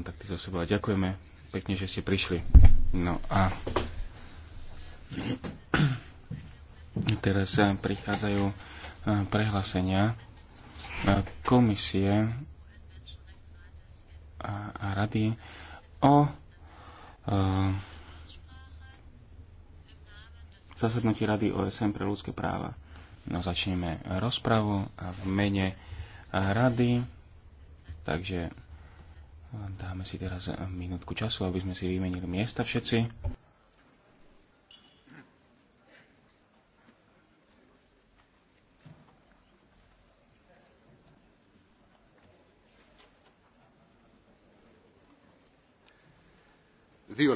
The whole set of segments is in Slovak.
kontakty so sebou a ďakujeme pekne, že ste prišli. No a teraz prichádzajú e, prehlásenia e, komisie a rady o e, zasadnutí Rady OSN pre ľudské práva. No začneme rozpravu a v mene rady, takže Dáme si teraz minútku času, aby sme si vymenili miesta všetci. Δύο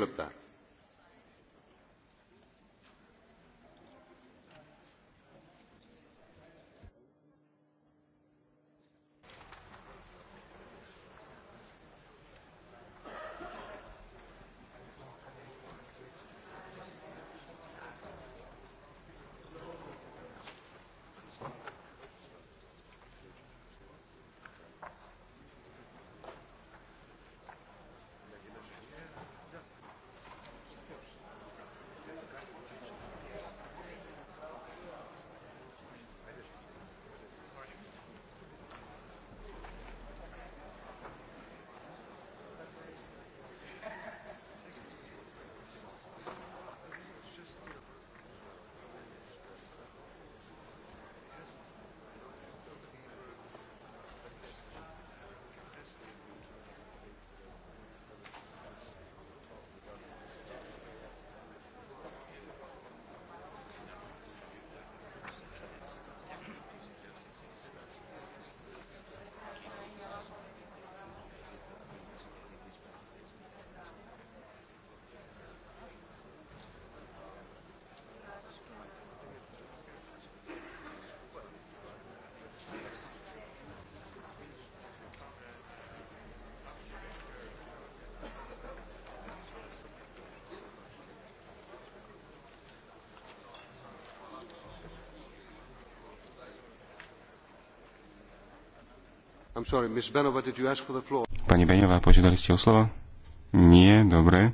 Pani Beňová, požiadali ste o slovo? Nie, dobre.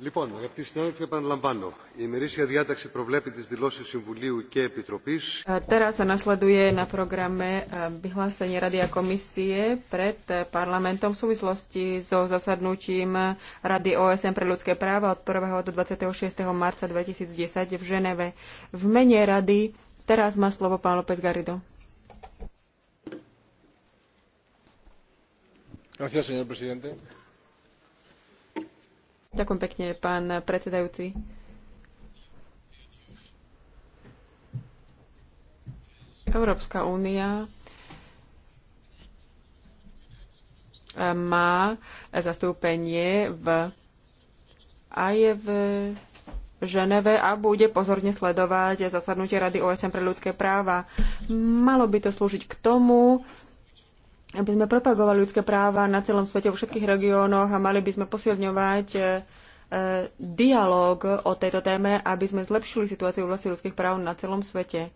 Λοιπόν, αγαπητοί συνάδελφοι, επαναλαμβάνω. Η ημερήσια διάταξη προβλέπει τις δηλώσεις Συμβουλίου και Επιτροπής. Teraz nasleduje na programe vyhlásenie Rady a komisie pred parlamentom v súvislosti so zasadnutím Rady OSN pre ľudské práva od 1. do 26. marca 2010 v Ženeve. V mene Rady teraz má slovo pán López Garrido. Gracias, señor presidente. Ďakujem pekne, pán predsedajúci. Európska únia má zastúpenie v, aj v Ženeve a bude pozorne sledovať zasadnutie Rady OSN pre ľudské práva. Malo by to slúžiť k tomu, aby sme propagovali ľudské práva na celom svete, vo všetkých regiónoch a mali by sme posilňovať e, e, dialog o tejto téme, aby sme zlepšili situáciu v oblasti ľudských práv na celom svete.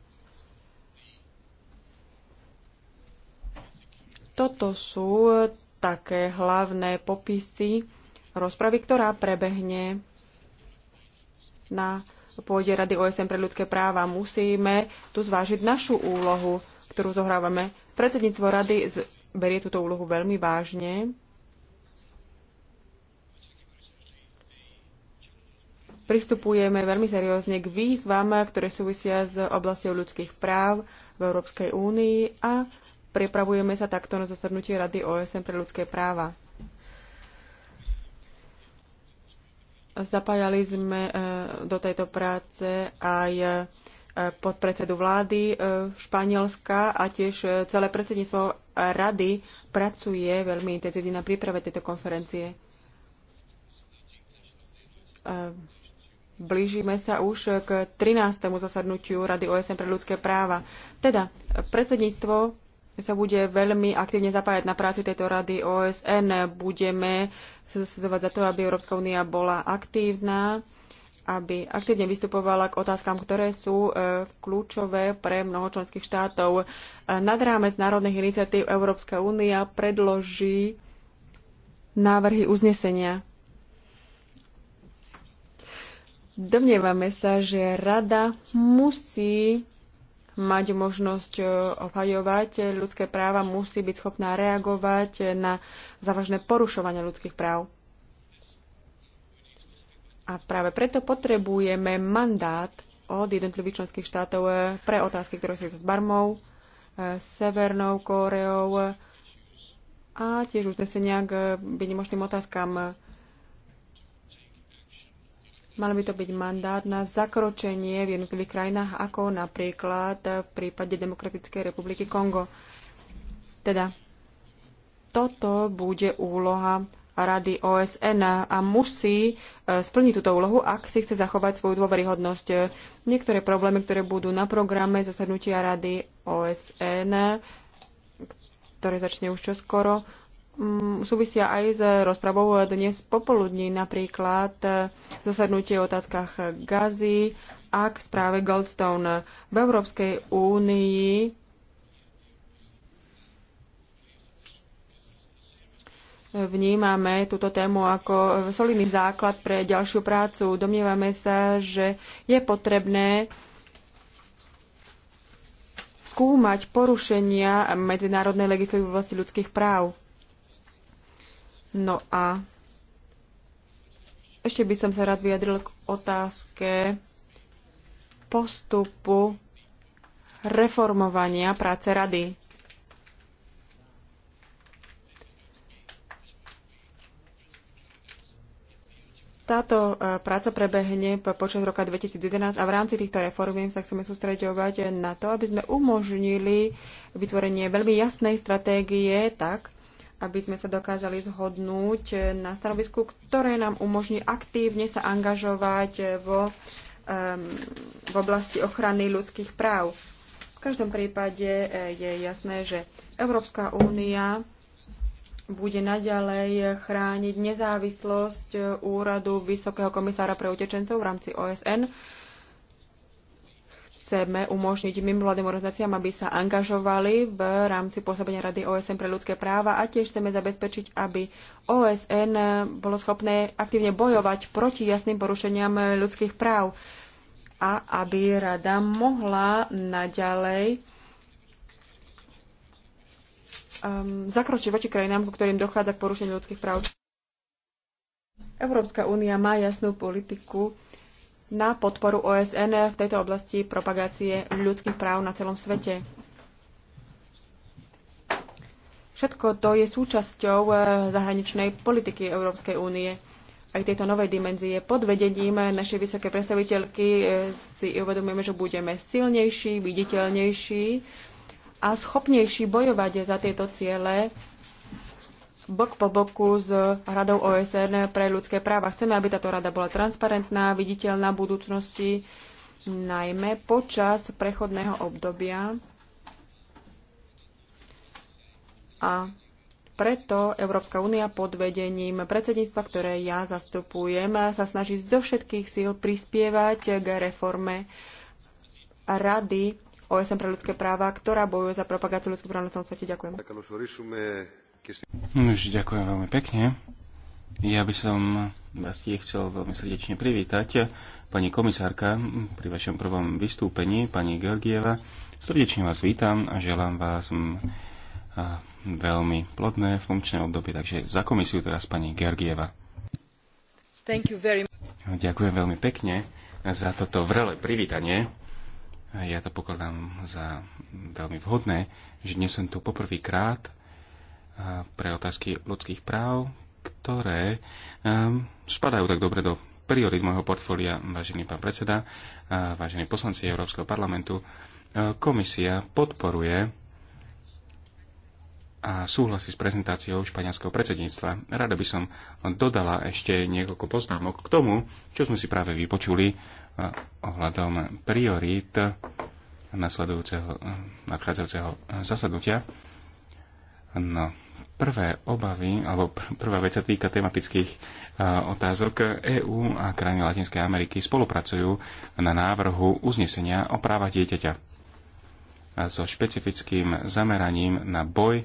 Toto sú také hlavné popisy rozpravy, ktorá prebehne na pôde Rady OSN pre ľudské práva. Musíme tu zvážiť našu úlohu, ktorú zohrávame. Predsedníctvo rady berie túto úlohu veľmi vážne. Pristupujeme veľmi seriózne k výzvam, ktoré súvisia s oblasťou ľudských práv v Európskej únii a pripravujeme sa takto na zasadnutie Rady OSN pre ľudské práva. Zapájali sme eh, do tejto práce aj Eh, podpredsedu vlády eh, Španielska a tiež eh, celé predsedníctvo rady pracuje veľmi intenzívne na príprave tejto konferencie. Blížime sa už k 13. zasadnutiu Rady OSN pre ľudské práva. Teda predsedníctvo sa bude veľmi aktívne zapájať na práci tejto rady OSN. Budeme sa zasadzovať za to, aby Európska únia bola aktívna aby aktívne vystupovala k otázkam, ktoré sú e, kľúčové pre mnoho členských štátov. E, nad rámec národných iniciatív Európska únia predloží návrhy uznesenia. Domnievame sa, že rada musí mať možnosť e, obhajovať ľudské práva, musí byť schopná reagovať na závažné porušovanie ľudských práv. A práve preto potrebujeme mandát od jednotlivých členských štátov eh, pre otázky, ktoré sú s Barmou, eh, Severnou Kóreou a tiež už uznesenia k vynimočným otázkam. Mal by to byť mandát na zakročenie v jednotlivých krajinách, ako napríklad v prípade Demokratickej republiky Kongo. Teda toto bude úloha Rady OSN a musí e, splniť túto úlohu, ak si chce zachovať svoju dôveryhodnosť. Niektoré problémy, ktoré budú na programe zasadnutia Rady OSN, ktoré začne už čoskoro, mm, súvisia aj s rozpravou dnes popoludní, napríklad e, zasadnutie o otázkach gazy a k správe Goldstone. V Európskej únii vnímame túto tému ako solidný základ pre ďalšiu prácu. Domnievame sa, že je potrebné skúmať porušenia medzinárodnej legislatívy v oblasti ľudských práv. No a ešte by som sa rád vyjadril k otázke postupu reformovania práce rady. Táto e, práca prebehne počas roka 2011 a v rámci týchto reformiem sa chceme sústreďovať na to, aby sme umožnili vytvorenie veľmi jasnej stratégie tak, aby sme sa dokázali zhodnúť na stanovisku, ktoré nám umožní aktívne sa angažovať vo, um, v oblasti ochrany ľudských práv. V každom prípade e, je jasné, že Európska únia bude naďalej chrániť nezávislosť úradu Vysokého komisára pre utečencov v rámci OSN. Chceme umožniť mimovládnym organizáciám, aby sa angažovali v rámci pôsobenia Rady OSN pre ľudské práva a tiež chceme zabezpečiť, aby OSN bolo schopné aktívne bojovať proti jasným porušeniam ľudských práv a aby rada mohla naďalej um, zakročí voči krajinám, ku ktorým dochádza k porušeniu ľudských práv. Európska únia má jasnú politiku na podporu OSN v tejto oblasti propagácie ľudských práv na celom svete. Všetko to je súčasťou eh, zahraničnej politiky Európskej únie. Aj tejto novej dimenzie pod vedením našej vysokej predstaviteľky eh, si uvedomujeme, že budeme silnejší, viditeľnejší a schopnejší bojovať za tieto ciele bok po boku s Radou OSN pre ľudské práva. Chceme, aby táto rada bola transparentná, viditeľná v budúcnosti, najmä počas prechodného obdobia. A preto Európska únia pod vedením predsedníctva, ktoré ja zastupujem, sa snaží zo všetkých síl prispievať k reforme rady OSN pre ľudské práva, ktorá bojuje za propagáciu ľudských práv na celom svete. Ďakujem. No ďakujem veľmi pekne. Ja by som vás tiež chcel veľmi srdečne privítať. Pani komisárka, pri vašom prvom vystúpení, pani Georgieva, srdečne vás vítam a želám vás mm, veľmi plodné funkčné obdobie. Takže za komisiu teraz pani Georgieva. Thank you very much. Ďakujem veľmi pekne za toto vrele privítanie. Ja to pokladám za veľmi vhodné, že dnes som tu poprvýkrát eh, pre otázky ľudských práv, ktoré eh, spadajú tak dobre do priorit môjho portfólia, vážený pán predseda, eh, vážení poslanci Európskeho parlamentu. Komisia podporuje a súhlasí s prezentáciou španielského predsedníctva. Rada by som dodala ešte niekoľko poznámok k tomu, čo sme si práve vypočuli ohľadom priorít nasledujúceho, nadchádzajúceho zasadnutia. No, prvé obavy, alebo prvá vec sa týka tematických e, otázok. EÚ a krajiny Latinskej Ameriky spolupracujú na návrhu uznesenia o práva dieťaťa a so špecifickým zameraním na boj e,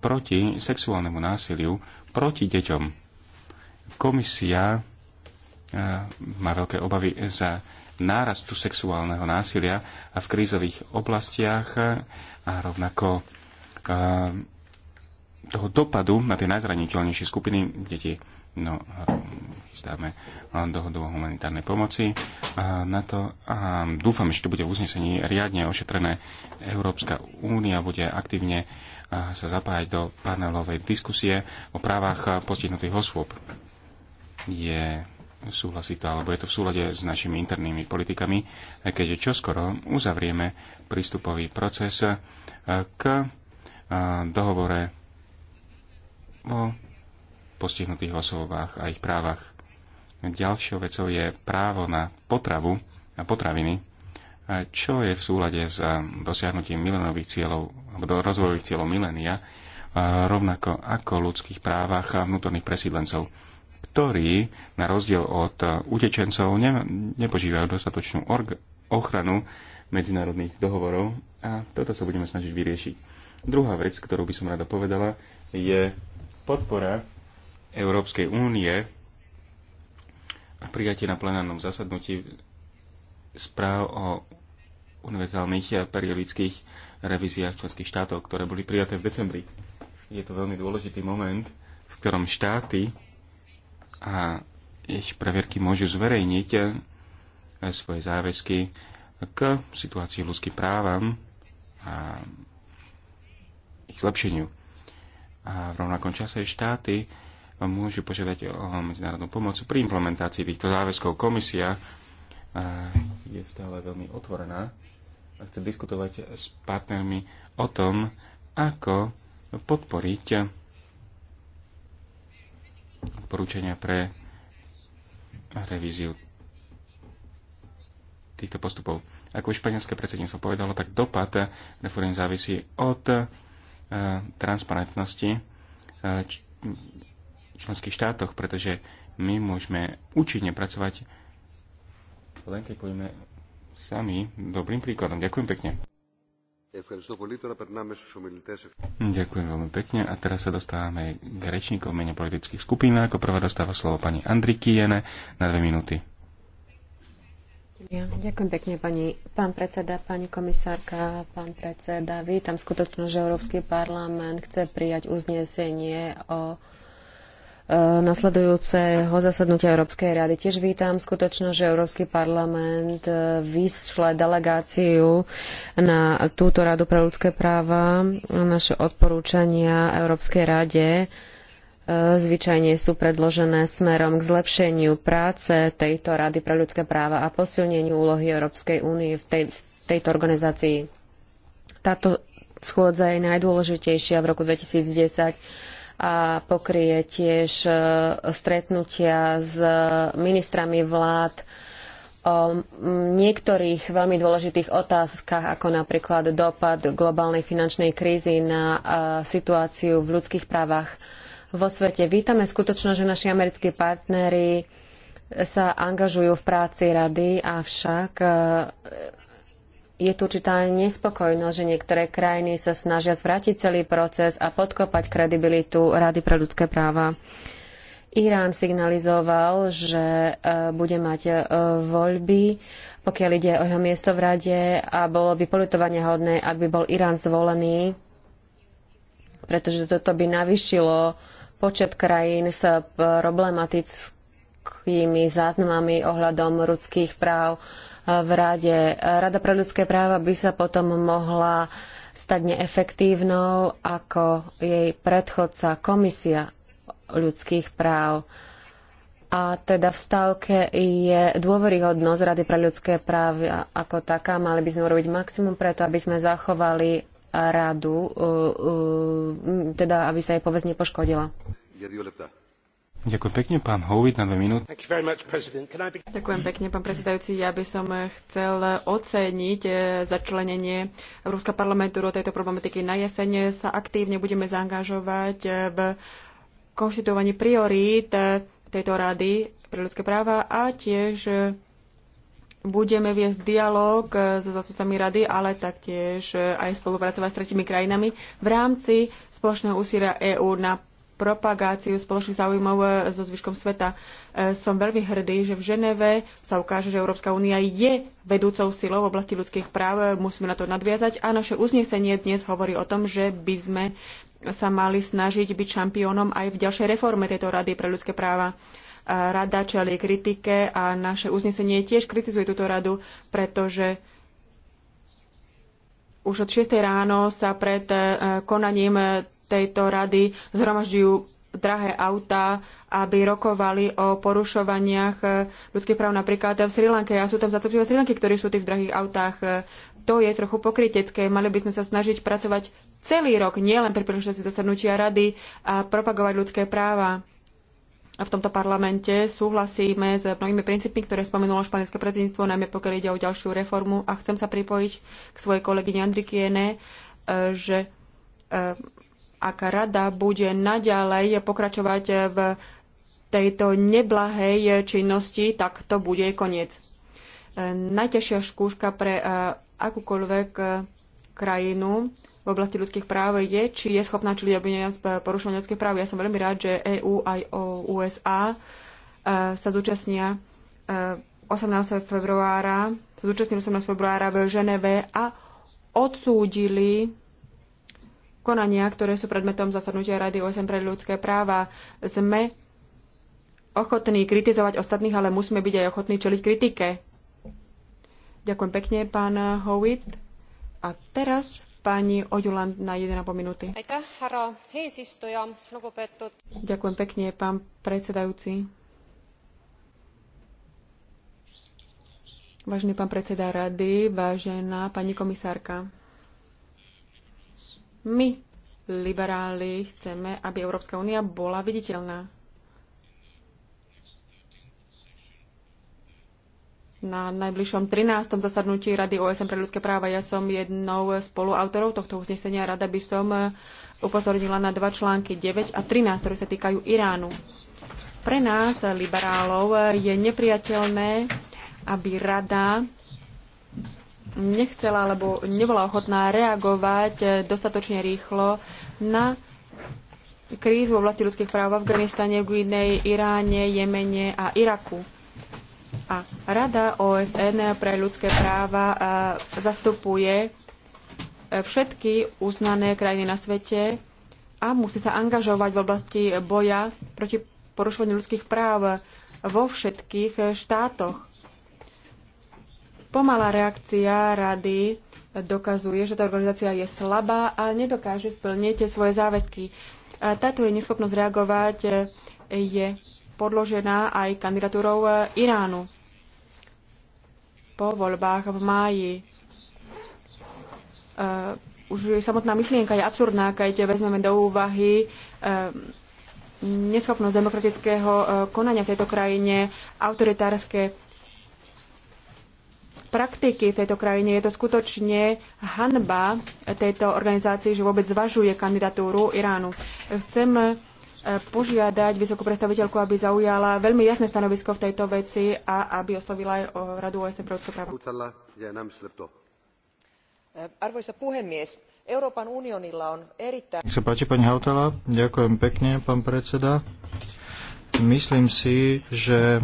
proti sexuálnemu násiliu proti deťom. Komisia má veľké obavy za nárastu sexuálneho násilia a v krízových oblastiach a rovnako toho dopadu na tie najzraniteľnejšie skupiny deti No, chystáme dohodu o humanitárnej pomoci a na to a dúfam, že to bude v uznesení riadne ošetrené. Európska únia bude aktívne sa zapájať do panelovej diskusie o právach postihnutých osôb. Je súhlasí to, alebo je to v súlade s našimi internými politikami, keď čoskoro uzavrieme prístupový proces eh, k eh, dohovore o postihnutých osobách a ich právach. Ďalšou vecou je právo na potravu a potraviny, eh, čo je v súlade s dosiahnutím milenových cieľov, alebo do rozvojových cieľov milénia, rovnako ako ľudských právach a vnútorných presídlencov ktorí na rozdiel od e, utečencov ne, nepožívajú dostatočnú org- ochranu medzinárodných dohovorov a toto sa budeme snažiť vyriešiť. Druhá vec, ktorú by som rada povedala, je podpora Európskej únie a prijatie na plenárnom zasadnutí správ o univerzálnych a periodických revíziách členských štátov, ktoré boli prijaté v decembri. Je to veľmi dôležitý moment, v ktorom štáty a ich previerky môžu zverejniť e, svoje záväzky k situácii ľudských právam a ich zlepšeniu. A v rovnakom čase štáty môžu požiadať o medzinárodnú pomoc pri implementácii týchto záväzkov. Komisia e, je stále veľmi otvorená a chce diskutovať s partnermi o tom, ako podporiť porúčania pre revíziu týchto postupov. Ako už španielské predsedníctvo povedalo, tak dopad reformy závisí od e, transparentnosti e, č, členských štátoch, pretože my môžeme účinne pracovať len keď budeme sami dobrým príkladom. Ďakujem pekne. Ďakujem veľmi pekne a teraz sa dostávame k rečníkom mene politických skupín. Ako prvá dostáva slovo pani Andri Kijene na dve minúty. Ja, ďakujem pekne, pani, pán predseda, pani komisárka, pán predseda. Vítam skutočnosť, že Európsky parlament chce prijať uznesenie o E, nasledujúceho zasadnutia Európskej rady. Tiež vítam skutočnosť, že Európsky parlament e, vyšle delegáciu na túto radu pre ľudské práva. Naše odporúčania Európskej rade e, zvyčajne sú predložené smerom k zlepšeniu práce tejto rady pre ľudské práva a posilneniu úlohy Európskej únie v, tej, v tejto organizácii. Táto schôdza je najdôležitejšia v roku 2010 a pokrie tiež e, stretnutia s e, ministrami vlád o niektorých veľmi dôležitých otázkach, ako napríklad dopad globálnej finančnej krízy na e, situáciu v ľudských právach vo svete. Vítame skutočnosť, že naši americkí partneri sa angažujú v práci rady, avšak je tu určitá nespokojnosť, že niektoré krajiny sa snažia zvrátiť celý proces a podkopať kredibilitu Rady pre ľudské práva. Irán signalizoval, že e, bude mať e, voľby, pokiaľ ide o jeho miesto v rade a bolo by politovanie hodné, ak by bol Irán zvolený, pretože toto by navyšilo počet krajín s e, problematickými záznamami ohľadom ľudských práv v Rade. Rada pre ľudské práva by sa potom mohla stať neefektívnou ako jej predchodca Komisia ľudských práv. A teda v stavke je dôveryhodnosť Rady pre ľudské práva ako taká. Mali by sme urobiť maximum preto, aby sme zachovali radu, uh, uh, teda aby sa jej povesť nepoškodila. Ďakujem pekne, pán Hovid, na dve minúty. Ďakujem pekne, pán predsedajúci. Ja by som chcel oceniť eh, začlenenie Európskeho parlamentu do tejto problematiky. Na jesene sa aktívne budeme zaangažovať eh, v konštitovaní priorít eh, tejto rady pre ľudské práva a tiež budeme viesť dialog so zastupcami rady, ale taktiež aj spolupracovať s tretimi krajinami v rámci spoločného úsilia EÚ na propagáciu spoločných záujmov e, so zvyškom sveta. E, som veľmi hrdý, že v Ženeve sa ukáže, že Európska únia je vedúcou silou v oblasti ľudských práv. E, musíme na to nadviazať a naše uznesenie dnes hovorí o tom, že by sme sa mali snažiť byť šampiónom aj v ďalšej reforme tejto Rady pre ľudské práva. Rada čelí kritike a naše uznesenie tiež kritizuje túto radu, pretože už od 6 ráno sa pred konaním tejto rady zhromažďujú drahé autá, aby rokovali o porušovaniach eh, ľudských práv napríklad v Sri Lanke. A sú tam zastupcovia Sri Lanky, ktorí sú v tých drahých autách. Eh, to je trochu pokrytecké. Mali by sme sa snažiť pracovať celý rok, nielen pri príležitosti zasadnutia rady a propagovať ľudské práva. A v tomto parlamente súhlasíme s mnohými princípmi, ktoré spomenulo španielské predsedníctvo, najmä pokiaľ ide o ďalšiu reformu. A chcem sa pripojiť k svojej kolegyne Andrikiene, eh, že ak rada bude naďalej pokračovať v tejto neblahej činnosti, tak to bude koniec. Najťažšia skúška pre eh, akúkoľvek eh, krajinu v oblasti ľudských práv je, či je schopná čili obvinenia z porušenia ľudských práv. Ja som veľmi rád, že EÚ aj USA eh, sa zúčastnia 18. februára, sa zúčastnili 18. februára v Ženeve a odsúdili konania, ktoré sú predmetom zasadnutia Rady OSN pre ľudské práva. Sme ochotní kritizovať ostatných, ale musíme byť aj ochotní čeliť kritike. Ďakujem pekne, pán Howitt. A teraz pani Ojuland na 1,5 minúty. Ďakujem pekne, pán predsedajúci. Vážený pán predseda rady, vážená pani komisárka. My, liberáli, chceme, aby Európska únia bola viditeľná. Na najbližšom 13. zasadnutí Rady OSN pre ľudské práva ja som jednou spoluautorov tohto uznesenia. Rada by som upozornila na dva články 9 a 13, ktoré sa týkajú Iránu. Pre nás, liberálov, je nepriateľné, aby Rada nechcela alebo nebola ochotná reagovať eh, dostatočne rýchlo na krízu v oblasti ľudských práv v Afganistane, v Guinej, Iráne, Jemene a Iraku. A Rada OSN pre ľudské práva eh, zastupuje eh, všetky uznané krajiny na svete a musí sa angažovať v oblasti boja proti porušovaniu ľudských práv vo všetkých štátoch Pomalá reakcia rady dokazuje, že tá organizácia je slabá a nedokáže splniť svoje záväzky. Táto je neschopnosť reagovať je podložená aj kandidatúrou Iránu po voľbách v máji. Už samotná myšlienka je absurdná, keď vezmeme do úvahy e, neschopnosť demokratického e, konania v tejto krajine, autoritárske praktiky v tejto krajine. Je to skutočne hanba tejto organizácii, že vôbec zvažuje kandidatúru Iránu. Chcem e, požiadať vysokú predstaviteľku, aby zaujala veľmi jasné stanovisko v tejto veci a aby oslovila aj Radu OSN pre ľudské práva. E, arvoisa puhemies, Európan unionilla on erittäin... Nech sa páči, pani Hautala. Ďakujem pekne, pán predseda. Myslím si, že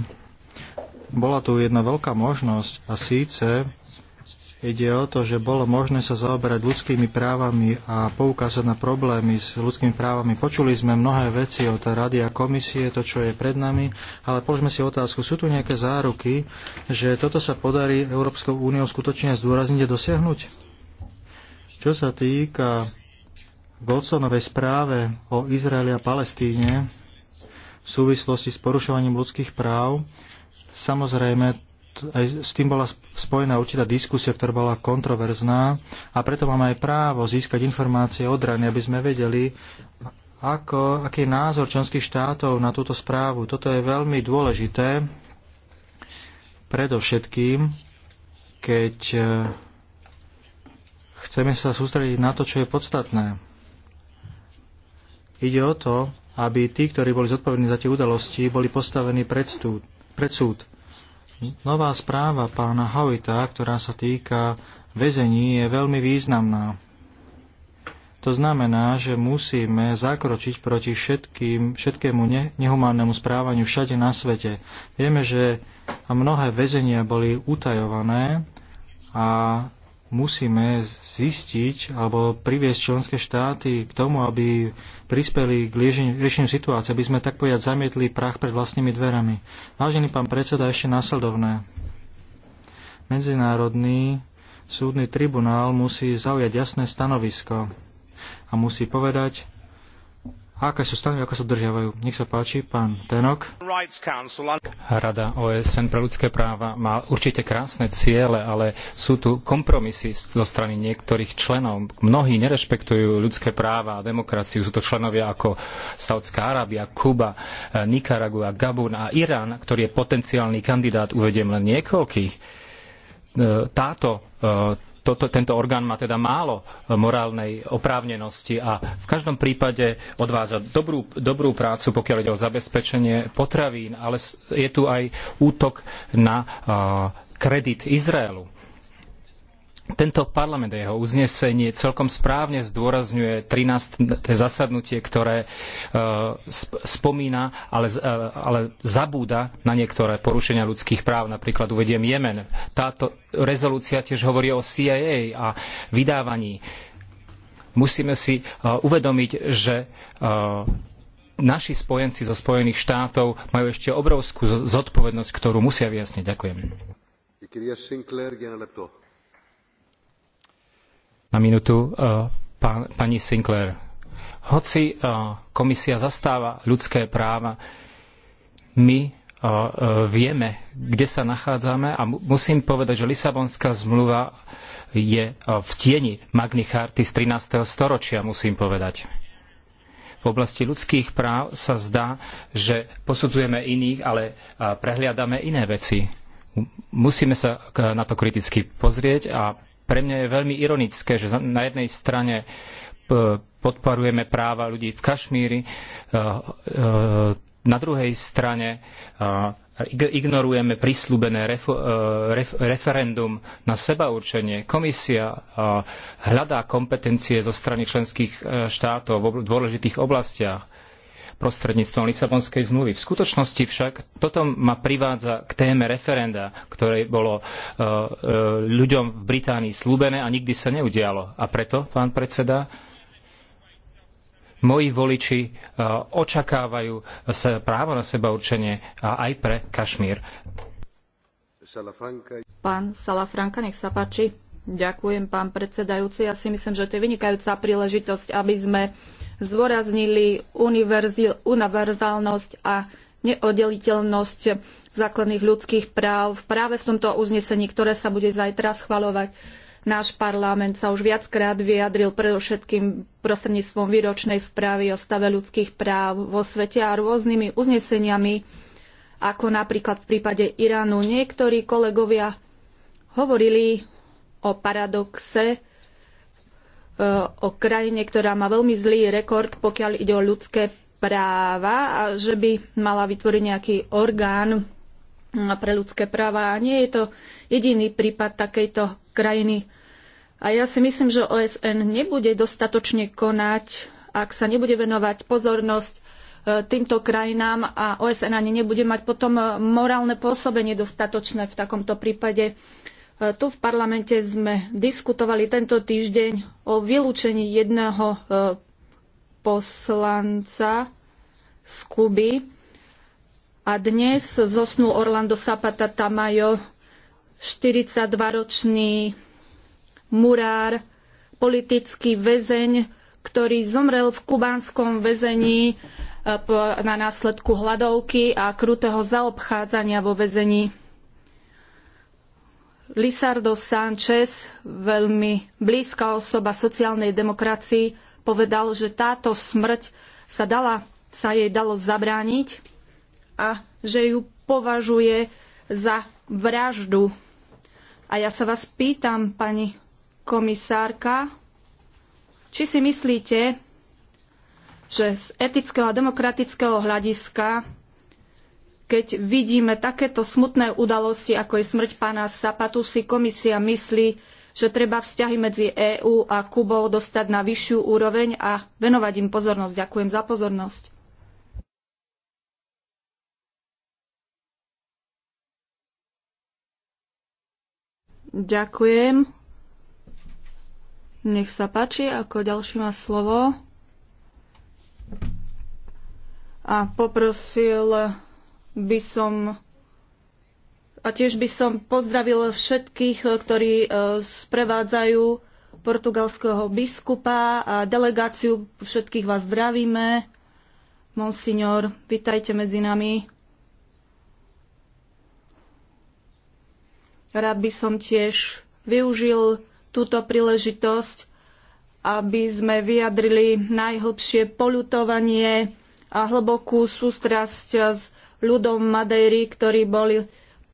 bola tu jedna veľká možnosť a síce ide o to, že bolo možné sa zaoberať ľudskými právami a poukázať na problémy s ľudskými právami. Počuli sme mnohé veci od rady a komisie, to, čo je pred nami, ale položme si otázku, sú tu nejaké záruky, že toto sa podarí Európskou úniou skutočne zdôrazniť a dosiahnuť? Čo sa týka Goldsonovej správe o Izraeli a Palestíne v súvislosti s porušovaním ľudských práv, Samozrejme, aj s tým bola spojená určitá diskusia, ktorá bola kontroverzná a preto máme aj právo získať informácie od rany, aby sme vedeli, ako, aký je názor členských štátov na túto správu. Toto je veľmi dôležité, predovšetkým, keď e, chceme sa sústrediť na to, čo je podstatné. Ide o to, aby tí, ktorí boli zodpovední za tie udalosti, boli postavení pred stúd pred súd. Nová správa pána Hawita, ktorá sa týka väzení, je veľmi významná. To znamená, že musíme zakročiť proti všetkým, všetkému ne, nehumánnemu správaniu všade na svete. Vieme, že mnohé väzenia boli utajované a musíme zistiť alebo priviesť členské štáty k tomu, aby prispeli k riešeniu situácie, aby sme tak povedať zamietli prach pred vlastnými dverami. Vážený pán predseda, ešte následovné. Medzinárodný súdny tribunál musí zaujať jasné stanovisko a musí povedať, aké sú stanovy, ako sa držiavajú. Nech sa páči, pán Tenok. Rada OSN pre ľudské práva má určite krásne ciele, ale sú tu kompromisy zo strany niektorých členov. Mnohí nerešpektujú ľudské práva a demokraciu. Sú to členovia ako Saudská Arábia, Kuba, e, Nikaragua, Gabun a Irán, ktorý je potenciálny kandidát, uvediem len niekoľkých. E, táto e, toto, tento orgán má teda málo e, morálnej oprávnenosti a v každom prípade odvádza dobrú, dobrú prácu, pokiaľ ide o zabezpečenie potravín, ale je tu aj útok na e, kredit Izraelu tento parlament a jeho uznesenie celkom správne zdôrazňuje 13. zasadnutie, ktoré e, spomína, ale, e, ale zabúda na niektoré porušenia ľudských práv. Napríklad uvediem Jemen. Táto rezolúcia tiež hovorí o CIA a vydávaní. Musíme si e, uvedomiť, že naši spojenci zo Spojených štátov majú ešte obrovskú zodpovednosť, ktorú musia vyjasniť. Ďakujem na e, pán, pani Sinclair. Hoci e, komisia zastáva ľudské práva, my e, vieme, kde sa nachádzame a musím povedať, že Lisabonská zmluva je v tieni Magny Charty z 13. storočia, musím povedať. V oblasti ľudských práv sa zdá, že posudzujeme iných, ale prehliadame iné veci. Musíme sa na to kriticky pozrieť a pre mňa je veľmi ironické, že na jednej strane podporujeme práva ľudí v Kašmíri, e, e, na druhej strane e, ignorujeme prislúbené referendum na sebaurčenie. Komisia hľadá kompetencie zo strany členských štátov v dôležitých oblastiach prostredníctvom Lisabonskej zmluvy. V skutočnosti však toto ma privádza k téme referenda, ktoré bolo e, e, ľuďom v Británii slúbené a nikdy sa neudialo. A preto, pán predseda, moji voliči e, očakávajú právo na seba určenie a aj pre Kašmír. Pán Salafranka, nech sa páči. Ďakujem, pán predsedajúci. Ja si myslím, že to je vynikajúca príležitosť, aby sme zdôraznili univerzálnosť a neoddeliteľnosť základných ľudských práv práve v tomto uznesení, ktoré sa bude zajtra schvaľovať. Náš parlament sa už viackrát vyjadril predovšetkým prostredníctvom výročnej správy o stave ľudských práv vo svete a rôznymi uzneseniami, ako napríklad v prípade Iránu. Niektorí kolegovia hovorili o paradoxe, e, o krajine, ktorá má veľmi zlý rekord, pokiaľ ide o ľudské práva a že by mala vytvoriť nejaký orgán e, pre ľudské práva. A nie je to jediný prípad takejto krajiny. A ja si myslím, že OSN nebude dostatočne konať, ak sa nebude venovať pozornosť e, týmto krajinám a OSN ani nebude mať potom morálne pôsobenie dostatočné v takomto prípade. Tu v parlamente sme diskutovali tento týždeň o vylúčení jedného e, poslanca z Kuby a dnes zosnul Orlando Zapata Tamayo, 42-ročný murár, politický väzeň, ktorý zomrel v kubánskom väzení e, na následku hladovky a krutého zaobchádzania vo väzení. Lisardo Sánchez, veľmi blízka osoba sociálnej demokracii, povedal, že táto smrť sa, dala, sa jej dalo zabrániť a že ju považuje za vraždu. A ja sa vás pýtam, pani komisárka, či si myslíte, že z etického a demokratického hľadiska keď vidíme takéto smutné udalosti, ako je smrť pána Sapatu, si komisia myslí, že treba vzťahy medzi EÚ a Kubou dostať na vyššiu úroveň a venovať im pozornosť. Ďakujem za pozornosť. Ďakujem. Nech sa páči, ako ďalší má slovo. A poprosil by som a tiež by som pozdravil všetkých, ktorí e, sprevádzajú portugalského biskupa a delegáciu. Všetkých vás zdravíme. Monsignor, vitajte medzi nami. Rád by som tiež využil túto príležitosť, aby sme vyjadrili najhlbšie polutovanie a hlbokú sústrasť s ľudom Madejry, ktorí boli